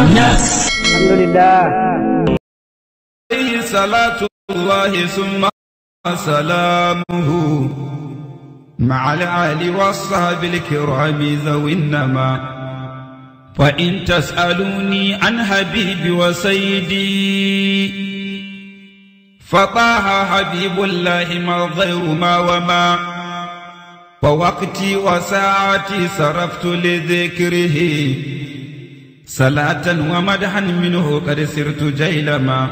لله عليه صلاة الله ثم سلامه مع الآل والصحاب الكرام ذوي النما فإن تسألوني عن حبيبي وسيدي فطه حبيب الله ما غير ما وما ووقتي وساعتي صرفت لذكره صلاة ومدحا منه قد سرت جيلما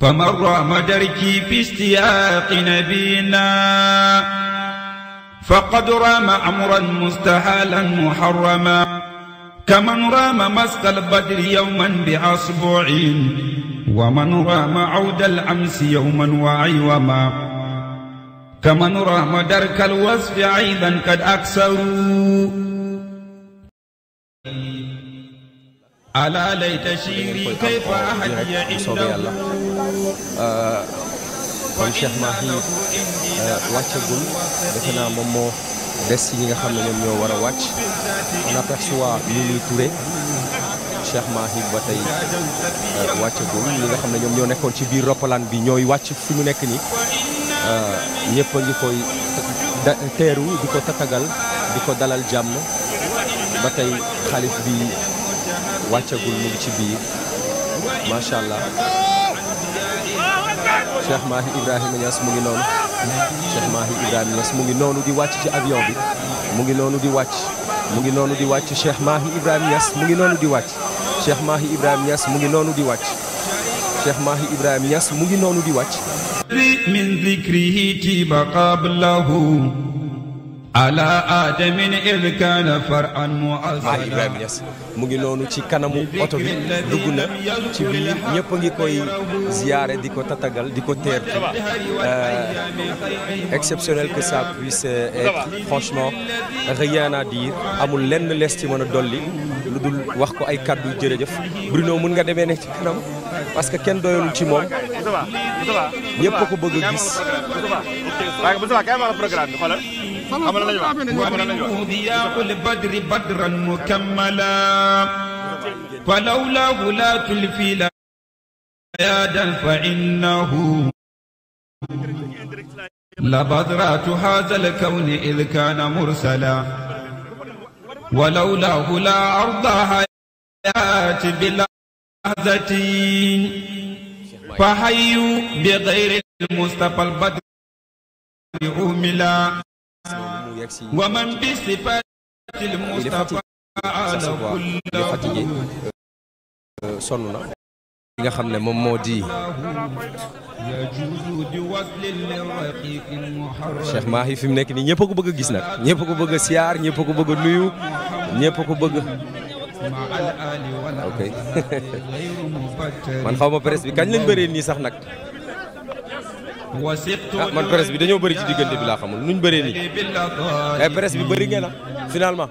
فمر مدركي في اشتياق نبينا فقد رام أمرا مستحالا محرما كمن رام مسك البدر يوما بأصبع ومن رام عود الأمس يوما وعيوما كمن رام درك الوصف عيبا قد أكسروا ألا ليت شيري كيف أحيي عنده kon Cheikh Mahi wàccagul defe naa moom moo des yi nga xam ne ñoom ñoo war a wàcc on aperçoit Mimi Touré Cheikh Mahi ba tey wàccagul ñi nga xam ne ñoom ñoo nekkoon ci biir roppalaan bi ñooy wàcc fi mu nekk nii ñëpp a ngi koy teeru di ko tatagal di ko dalal jàmm ba tey xalif bi wàccagul mu ngi ci biir macha allah Cheikh Mahi Ibrahima Niass mu ngi noonu Cheikh Mahi Ibrahima Niass mu ngi noonu di wàcc ci avion bi mu ngi noonu di wàcc mu ngi noonu di wàcc Cheikh Mahi Ibrahima Niass mu ngi noonu di wàcc Cheikh Mahi Ibrahima Niass mu ngi noonu di wàcc Cheikh Mahi Ibrahima Niass mu ngi noonu di wàcc min zikrihi tiba qablahu ala adamin id kana faran muassala Ibrahima Niass mu ngi noonu ci kanamu oto bi dugg na ci biir ñëpp ngi koy ziyaare di ko tatagal di ko teertu euh, exceptionnel que ça puisse être franchement rien amul lenn lees ci mën a dolli lu dul wax ko ay kàddu jërëjëf Bruno mun nga demee ne ci kanam parce que kenn doyalul ci moom ñëpp ko bëgg a gis. ضياء البدر بدرا مكملا فلولا غلاة الفيل يادا فإنه لبذرات هذا الكون إذ كان مرسلا ولولاه لا أرض حياة بلحظة فحيوا بغير المصطفى البدر عملا waman bi sifatil Mustafa ala kulli fatigué sonn li nga xam ne moom moo di Cheikh Mahi fi mu nekk nii ñëpp ko bëgg a gis nag ñëpp ko bëgg a siyaar ñëpp a ko bëgg a nuyu ñëpp a ko bëgg ok man xaw ma bi kañ lañ bëree nii sax nag ah man presse bi dañoo bëri ci diggante bi laa xamul nuñ bëree nii ay eh, presse bi bëri ngeen a ah, finalement.